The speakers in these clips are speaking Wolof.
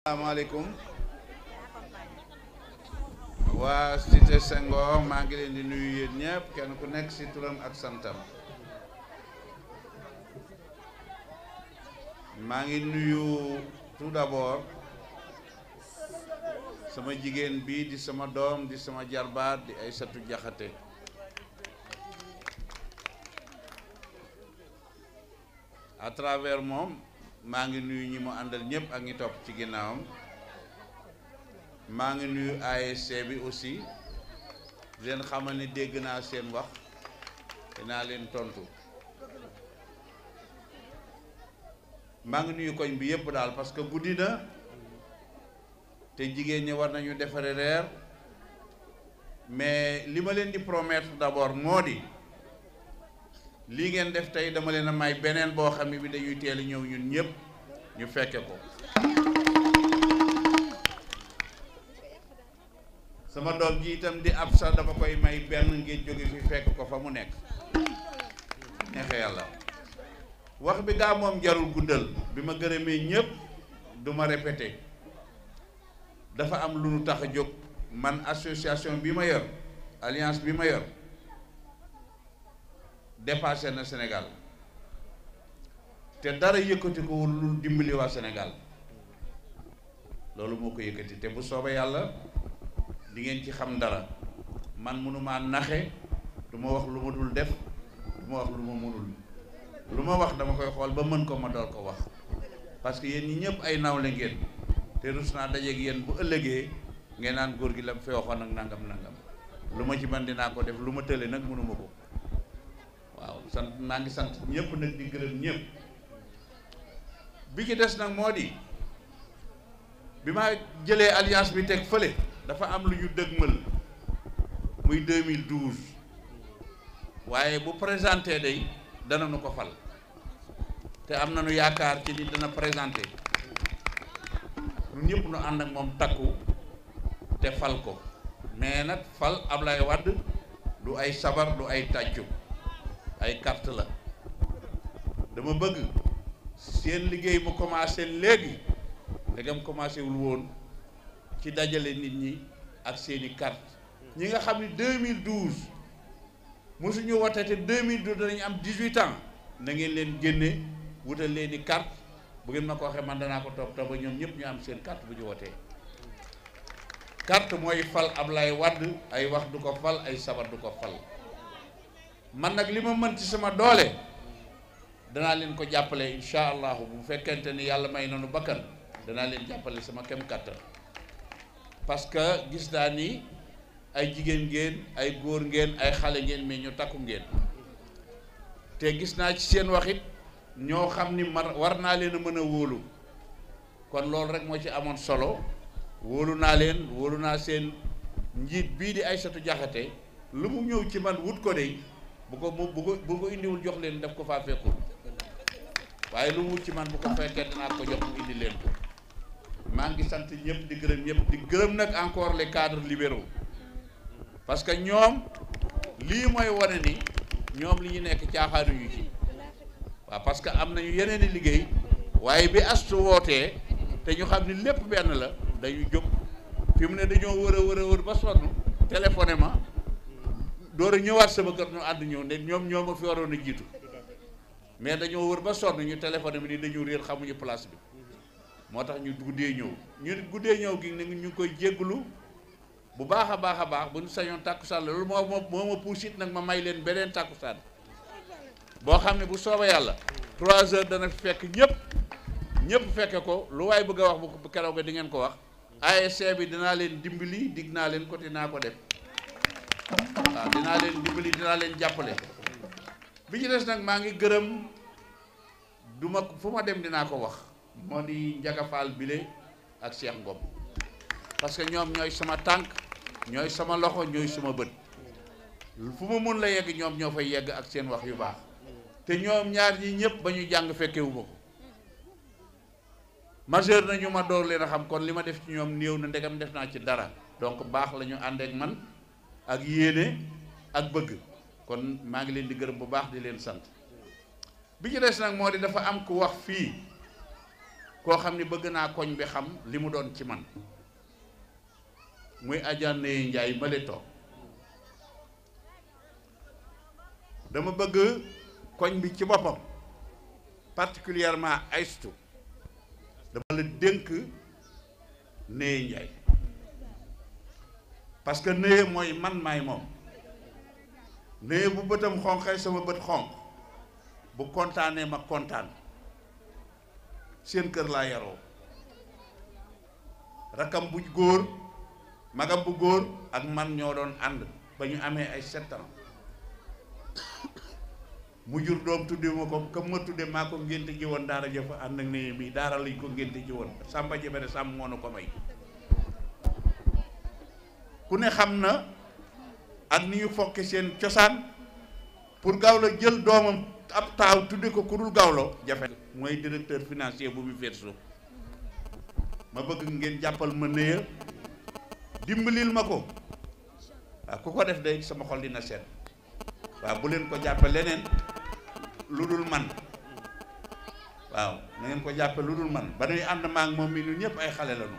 asalaamaaleykum waa Cité Senghor maa ngi leen di nuyu yéen ñëpp kenn ku nekk ci turam ak santam maa ngi nuyu tout d'abord sama jigéen bi di sama doom di sama jarbaat di ay Aysatu Jaxate à travers moom maa ngi nuyu ñi mu àndal ñëpp ak ngi topp ci ginnaawam maa ngi nuyu ASC bi aussi leen xamal ni dégg naa seen wax naa leen tontu maa ngi nuyu koñ bi yëpp daal parce que guddi na te jigéen ñi war nañu defare reer mais li ma leen di promettre d'abord moo di lii ngeen def tey dama leen a may beneen boo xam ne bi dañuy teel a ñëw ñun ñëpp ñu fekke ko sama doom ji itam di ab sax dama koy may benn ngir jóge fi fekk ko fa mu nekk neexe yàlla wax bi gaa moom jarul guddal bi ma gërëmee ñépp du ma répété dafa am lu nu tax a jóg man association bi ma yor alliance bi ma yor dépassé na senegal te dara yëkkati ko lu dimbali waa senegal loolu moo ko yëkkati te bu soobee yàlla di ngeen ci xam dara man mënumaa naxe du ma wax lu ma dul def du ma wax lu ma mënul lu ma wax dama koy xool ba mën ko ma door ko wax parce que yéen ñi ñëpp ay la ngeen te rus naa dajeeg yéen bu ëllëgee ngeen naan góor gi la mu fee waxoon ak nangam nangam lu ma ci naa dinaa ko def lu ma tële nag mënuma ko waaw sant maa ngi sant ñëpp nag di gërëm ñëpp bi ci des nag moo di bi ma jëlee alliance bi teg fële dafa am lu ñu dëgmal muy 2012 waaye bu présenté day dana nu ko fal te am nañu yaakaar ci ni dana présenté ñun ñëpp nu ànd ak moom takku te fal ko mais nag fal Ablaye Wade du ay sabar du ay tàccu ay carte la dama bëgg seen liggéey bu commencé léegi ndegam commencé wul woon ci dajale nit ñi ak seeni carte ñi nga xam ne 2012 mosuñu wote te 2012 danañ am 18 ans na ngeen leen génne wutal leeni i carte bu ngeen ma ko waxee man danaa ko topp topp ñoom ñëpp ñu am seen carte bu ñu wotee carte mooy fal lay Wade ay wax du ko fal ay sabar du ko fal man nag li ma mën ci sama doole danaa leen ko jàppale incha allahu bu fekkente ni yàlla may nanu bakkan danaa leen jàppale sama kem kàttan parce que gis naa ni ay jigéen ngeen ay góor ngeen ay xale ngeen mais ñu takku ngeen te gis naa ci seen waxit ñoo xam ni man war naa leen a mën a wóolu kon loolu rek moo ci amoon solo wóolu naa leen wóolu naa seen njiit bii di ay Aysatu Jaxate lu mu ñëw ci man wut ko de bu ko bu ko indiwul jox leen daf ko faa fekkul waaye lu mu ci man bu ko fekkee danaa ko jox mu indi leen ko maa ngi sant ñëpp di gërëm ñëpp di gërëm nag encore le cadres libéraux parce que ñoom lii mooy wane ni ñoom li ñu nekk caaxaanuñu ci waaw parce que am nañu yeneen i liggéey waaye bi astu wootee te ñu xam ni lépp benn la dañu jóg fi mu ne dañoo wër a wër a wër ba sonn téléphoné ma door a ñëwaat sama kër ñu ànd ñëw ne ñoom ñoo ma fi waroon a jiitu mais dañoo wër ba sonn ñu téléphoné bi ni dañu réer xamuñu place bi moo tax ñu guddee ñëw ñu guddee ñëw gi ñu ngi koy jégglu bu baax a baax a baax bu ñu sañoon tàkkusaan la loolu moo ma moo ma puusit nag ma may leen beneen tàkkusaan boo xam ne bu sooba yàlla trois heures dana fekk ñëpp ñëpp fekke ko lu waaye bëgg a wax bu keroog di ngeen ko wax aaye ASC bi danaa leen dimbali digg naa leen coté naa ko def waaw dinaa leen dimbali dinaa leen jàppale bi ci des nag maa ngi gërëm du ma fu ma dem dinaa ko wax moo di Njaga Fall bile ak Cheikh Ngom parce que ñoom ñooy sama tànk ñooy sama loxo ñooy sama bët fu ma mun la yegg ñoom ñoo fay yegg ak seen wax yu baax te ñoom ñaar ñi ñëpp ba ñu jàng fekkewu ma ko majeur na ñu ma door leen a xam kon li ma def ci ñoom néew na ndegam def naa ci dara donc baax la ànd ak man ak yéene ak bëgg kon maa ngi leen di gërëm bu baax di leen sant bi ci des nag moo di dafa am ku wax fii koo xam ni bëgg naa koñ bi xam li mu doon ci man muy ajanee njaay male toog dama bëgg koñ bi ci boppam particulièrement aystu dama la dénk nee njaay parce que néye mooy man maay moom néye bu bëtam xonqee sama bët xonq bu kontaanee ma kontaan seen kër laa yaroo rakam bu góor magam bu góor ak man ñoo doon ànd ba ñu amee ay sept mu jur doom tudde ma ko comme ma tudde maa ko ngénte ji woon daara jëfa ànd ak néye mii daara lañ ko ngénte ji woon sàmba jebere sàmm moo ko may ku ne xam na ak ni ñu fokke seen cosaan pour Gawlo jël doomam ab taaw tudde ko ku dul Gawlo jafe mooy directeur financier bu Viverso ma bëgg ngeen jàppal ma néya dimbalil ma ko waaw ku ko def de sama xol dina seet waaw bu leen ko jàppe leneen lu dul man waaw na ngeen ko jàppe lu dul man ba nuy ànd maak moom mi ñun ñëpp ay xale lañu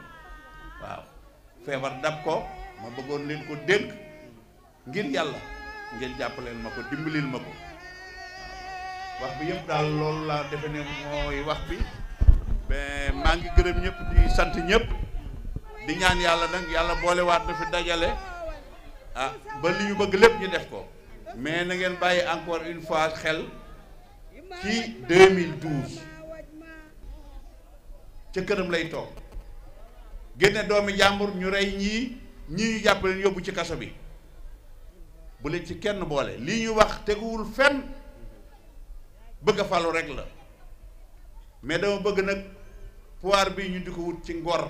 waaw feebar dab ko ma bëggoon leen ko dénk ngir yàlla ngeen jàppaleen ma ko dimbalil ma ko wax bi yëpp daal loolu laa defe ne mooy wax bi maa ngi gërëm ñëpp di sant ñëpp di ñaan yàlla nag yàlla boolewaat na fi dajale ah ba li ñu bëgg lépp ñu def ko mais na ngeen bàyyi encore une fois xel ci 2012 ca këram lay toog génne doomi jàmbur ñu rey ñii ñii ñu jàpp yóbbu ci kaso bi bu leen ci kenn boole lii ñu wax teguwul fen bëgg a falu rek la mais dama bëgg nag pouvoir bii ñu di ko wut ci ngor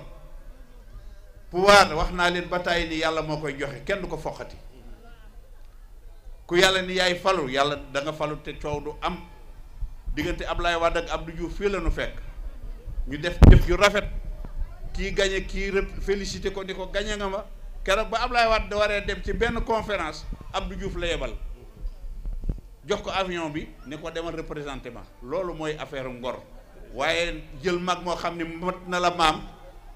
pouvoir wax naa leen ba tàyyi ni yàlla moo koy joxe kenn du ko foqati ku yàlla ni yaay falu yàlla danga nga falu te coow du am diggante Ablaye Wade ak Abdou Diouf fii la nu fekk ñu def jëf yu rafet kii gañe kii félicité ko ni ko gañe nga ma keroog ba Ablaye Wade waree dem ci benn conférence Abdou Diouf la yebal jox ko avion bi ne ko demal représenté ma loolu mooy affaire ngor waaye jël mag moo xam ne mat na la maam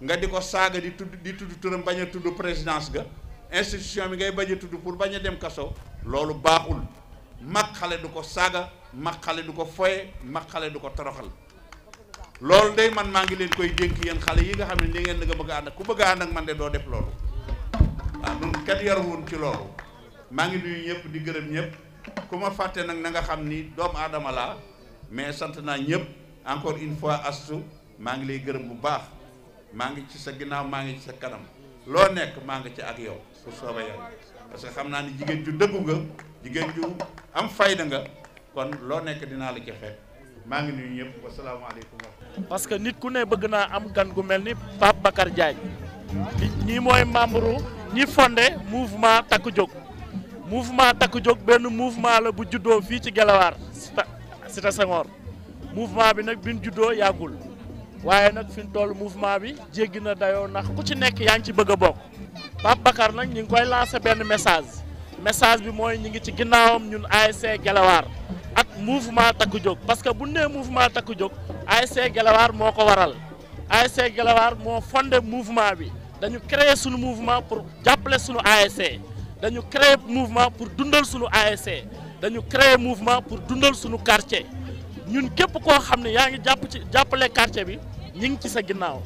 nga di ko saaga di tudd di tudd turam bañ a tudd présidence ga institution bi ngay bañ a tudd pour bañ a dem kaso loolu baaxul mag xale du ko saaga mag xale du ko foye mag xale du ko toroxal loolu day man maa ngi leen koy dénk yéen xale yi nga xam ne li ngeen nga bëgg a ànd a man de doo def kat yarawun ci loolu maa ngi nuyu ñëpp di gërëm ñëpp ku ma fàtte nag na nga xam ni doomu aadama laa mais sant naa ñëpp encore une fois astu maa ngi lay gërëm bu baax maa ngi ci sa ginnaaw maa ngi ci sa kanam loo nekk maa ngi ci ak yow su soobee yow parce que xam naa ni jigéen ju dëggu nga jigéen ju am fayda nga kon loo nekk dinaa la joxe maa ngi nuyu ñëpp wasalaamaaleykum parce que nit ku ne bëgg naa am gan gu mel ni Pape Bakar Diagne ñi mooy membre ñi fondé mouvement takku jóg mouvement takk jóg benn mouvement la bu juddoo fii ci Gelawaar Cité Senghor mouvement bi nag bin juddoo yàggul waaye nag fi ñu toll mouvement bi jéggi na dayoo ndax ku ci nekk yaa ngi ci bëgg a bokk Pape Bakar nag ñu ngi koy lancé benn message message bi mooy ñu ngi ci ginnaawam ñun ASC Gelawaar ak mouvement takku jóg parce que bu nee mouvement takku jóg ASC Gelawaar moo ko waral ASC Gelawaar moo fonde mouvement bi dañu créer suñu mouvement pour jàppale suñu ASC dañu créer mouvement pour dundal suñu ASC dañu créer mouvement pour dundal suñu quartier ñun képp koo xam ne yaa ngi jàpp ci jàppale quartier bi ñu ngi ci sa ginnaaw